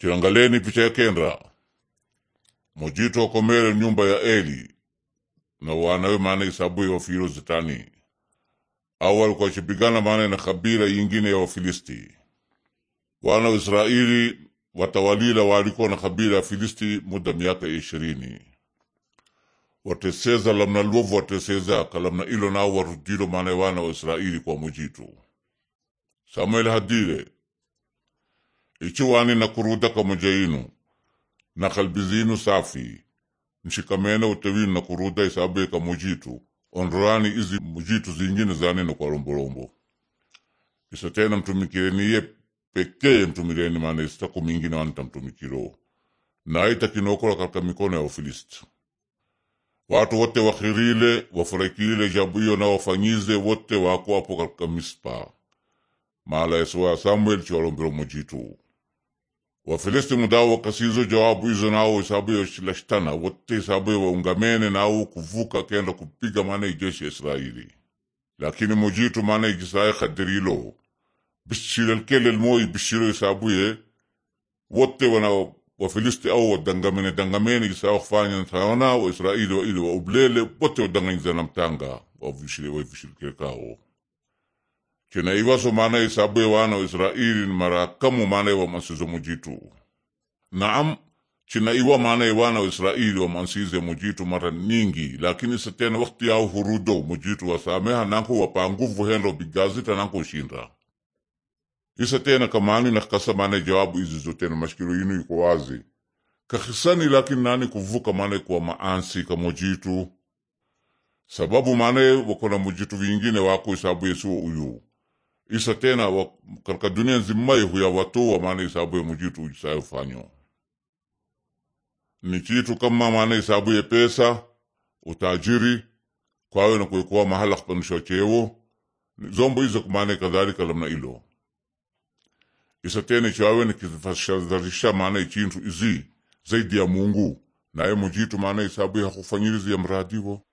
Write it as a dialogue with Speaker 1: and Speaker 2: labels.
Speaker 1: Tiangaleni picha ya kenda mojito wakomere nyumba ya Eli na wanawe maana ya wafiro zitani au walikuwa chipigana maana na kabila yingine ya Wafilisti. Wana wa Israeli watawalila walikuwa na kabila ya Filisti muda miaka ishirini wateseza lamna luovu wateseza kalamna ilo nao warudilo maana wana wa Israeli kwa mujitu Samuel hadile ichiwani na kuruda kamoja inu na kalbi zinu safi nshikamene utewinu na kuruda isabu ikamujitu onroani izi mujitu zingine na kwa lombolombo isa tena mtumikireni iye pekeye mtumireni maana isitaku mingine wani tamtumikiro na aitakinookola katika mikono ya Wafilisti watu wote wakhirile wafurahikile jabu iyo na wafanyize wote wako apo katika Mispa mala yesuwa samuel Samueli chiwalombilo mujitu Wafilisti mudao wakasizo jawabu wabuizo nao ya shilashtana wote isabu isabuyo waungamene nao kuvuka kenda kupiga mana ijeshi ya Israeli lakini mujitu mana ijisaye kadirilo bishilelkelelmoyi bishiro isabuye wote wana wafilisti au wadangamene dangamene isabu kufanya wa israeli wa ili wa ublele wote wadanganyiza namtanga wavishilkelekao Cina iwaso isabu sabe wana wa ni mara kamu manaye wa mansizo mujitu. Naam, cina iwa manaye wana wa Israeli wa mansize mujitu mara nyingi, lakini satena wakti yao hurudo mujitu sameha nanku wapanguvu hendo bigazita nanku shinda. Isa tena kamani na kasa manaye jawabu izi zotena mashkilo inu iko wazi. Kakisani lakini nani kuvuka manaye kwa maansi mujitu. Sababu manaye wakona mujitu vingine wako isabu Yesu uyuu isa tena katika dunia nzima ya watoa maana isabu ya mujitu ujisayo fanyo ni chitu kama maana isabu ya pesa utajiri kwawe na kuikoa mahala kupanisha chewo zombo hizo maana kadhalika lamna ilo isa tena chawe ni kifashazarisha maana ichintu izi zaidi ya Mungu naye mujitu maana isabu ya kufanyirizi ya mradivo